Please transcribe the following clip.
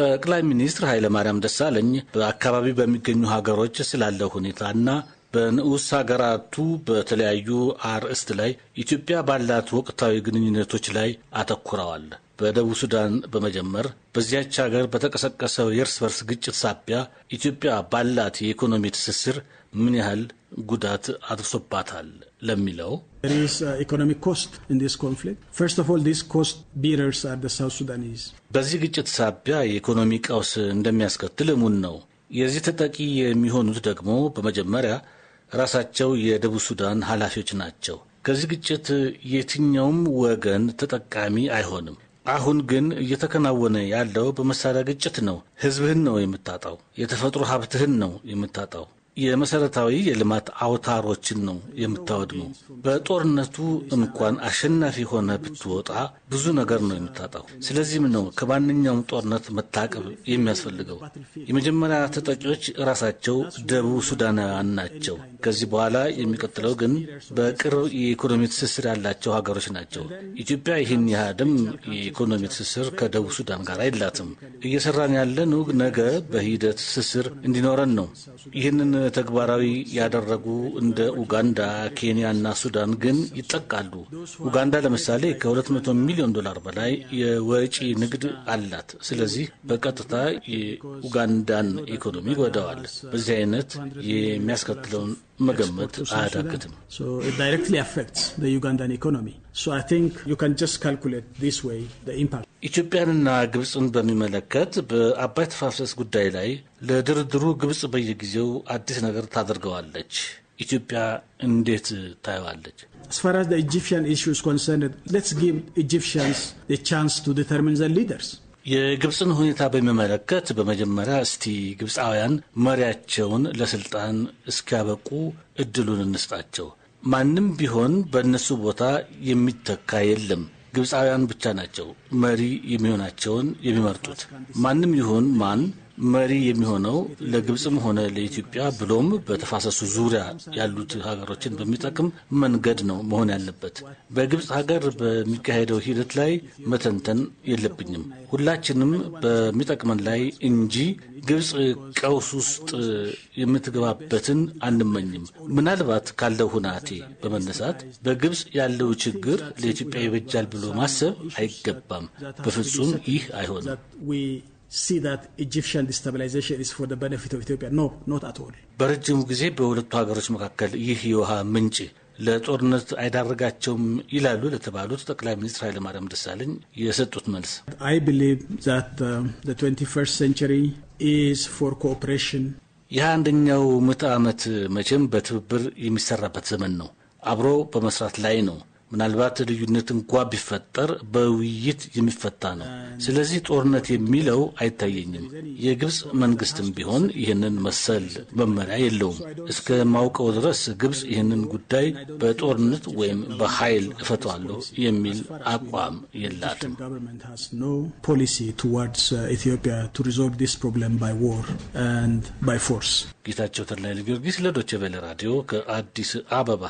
ጠቅላይ ሚኒስትር ኃይለማርያም ደሳለኝ በአካባቢ በሚገኙ ሀገሮች ስላለ ሁኔታና በንዑስ ሀገራቱ በተለያዩ አርዕስት ላይ ኢትዮጵያ ባላት ወቅታዊ ግንኙነቶች ላይ አተኩረዋል። በደቡብ ሱዳን በመጀመር በዚያች ሀገር በተቀሰቀሰው የእርስ በርስ ግጭት ሳቢያ ኢትዮጵያ ባላት የኢኮኖሚ ትስስር ምን ያህል ጉዳት አድርሶባታል ለሚለው uh, በዚህ ግጭት ሳቢያ የኢኮኖሚ ቀውስ እንደሚያስከትል እሙን ነው። የዚህ ተጠቂ የሚሆኑት ደግሞ በመጀመሪያ ራሳቸው የደቡብ ሱዳን ኃላፊዎች ናቸው። ከዚህ ግጭት የትኛውም ወገን ተጠቃሚ አይሆንም። አሁን ግን እየተከናወነ ያለው በመሳሪያ ግጭት ነው። ህዝብህን ነው የምታጣው። የተፈጥሮ ሀብትህን ነው የምታጣው። የመሰረታዊ የልማት አውታሮችን ነው የምታወድመው። በጦርነቱ እንኳን አሸናፊ ሆነ ብትወጣ ብዙ ነገር ነው የምታጣው። ስለዚህም ነው ከማንኛውም ጦርነት መታቀብ የሚያስፈልገው። የመጀመሪያ ተጠቂዎች ራሳቸው ደቡብ ሱዳናውያን ናቸው። ከዚህ በኋላ የሚቀጥለው ግን በቅርብ የኢኮኖሚ ትስስር ያላቸው ሀገሮች ናቸው። ኢትዮጵያ ይህን ያህልም የኢኮኖሚ ትስስር ከደቡብ ሱዳን ጋር አይላትም። እየሰራን ያለን ነገ በሂደት ትስስር እንዲኖረን ነው። ይህንን ተግባራዊ ያደረጉ እንደ ኡጋንዳ፣ እና ሱዳን ግን ይጠቃሉ። ኡጋንዳ ለምሳሌ ከ200 ሚሊዮን ዶላር በላይ የወጪ ንግድ አላት። ስለዚህ በቀጥታ የኡጋንዳን ኢኮኖሚ ይጎዳዋል። በዚህ አይነት የሚያስከትለውን መገመት አያዳግትም። ኢትዮጵያንና ግብፅን በሚመለከት በአባይ ተፋሰስ ጉዳይ ላይ ለድርድሩ ግብፅ በየጊዜው አዲስ ነገር ታደርገዋለች። ኢትዮጵያ እንዴት ታየዋለች? ኢጂፕሽያን ኢሹስ ኮንሰርንድ ሌትስ ጊቭ ኢጂፕሽያንስ ቻንስ ቱ ዲተርሚን ዘ ሊደርስ የግብፅን ሁኔታ በሚመለከት በመጀመሪያ እስቲ ግብፃውያን መሪያቸውን ለስልጣን እስኪያበቁ እድሉን እንስጣቸው። ማንም ቢሆን በእነሱ ቦታ የሚተካ የለም። ግብፃውያን ብቻ ናቸው መሪ የሚሆናቸውን የሚመርጡት። ማንም ይሁን ማን መሪ የሚሆነው ለግብፅም ሆነ ለኢትዮጵያ ብሎም በተፋሰሱ ዙሪያ ያሉት ሀገሮችን በሚጠቅም መንገድ ነው መሆን ያለበት። በግብፅ ሀገር በሚካሄደው ሂደት ላይ መተንተን የለብኝም። ሁላችንም በሚጠቅመን ላይ እንጂ ግብፅ ቀውስ ውስጥ የምትገባበትን አንመኝም። ምናልባት ካለው ሁናቴ በመነሳት በግብፅ ያለው ችግር ለኢትዮጵያ ይበጃል ብሎ ማሰብ አይገባም። በፍጹም ይህ አይሆንም። see that Egyptian destabilization is for the benefit of Ethiopia. No, not at all. በረጅሙ ጊዜ በሁለቱ ሀገሮች መካከል ይህ የውሃ ምንጭ ለጦርነት አይዳረጋቸውም ይላሉ ለተባሉት ጠቅላይ ሚኒስትር ኃይለማርያም ደሳለኝ የሰጡት መልስ አይ ቢሊቭ ዛት ዘ 21 ሴንቸሪ ኢዝ ፎር ኮኦፕሬሽን የአንደኛው ምዕተ ዓመት መቼም በትብብር የሚሰራበት ዘመን ነው። አብሮ በመስራት ላይ ነው። ምናልባት ልዩነት እንኳ ቢፈጠር በውይይት የሚፈታ ነው። ስለዚህ ጦርነት የሚለው አይታየኝም። የግብፅ መንግስትም ቢሆን ይህንን መሰል መመሪያ የለውም። እስከ ማውቀው ድረስ ግብፅ ይህንን ጉዳይ በጦርነት ወይም በኃይል እፈቷለሁ የሚል አቋም የላትም። uh, ጌታቸው ተድላይ ጊዮርጊስ ለዶቼ ቬለ ራዲዮ ከአዲስ አበባ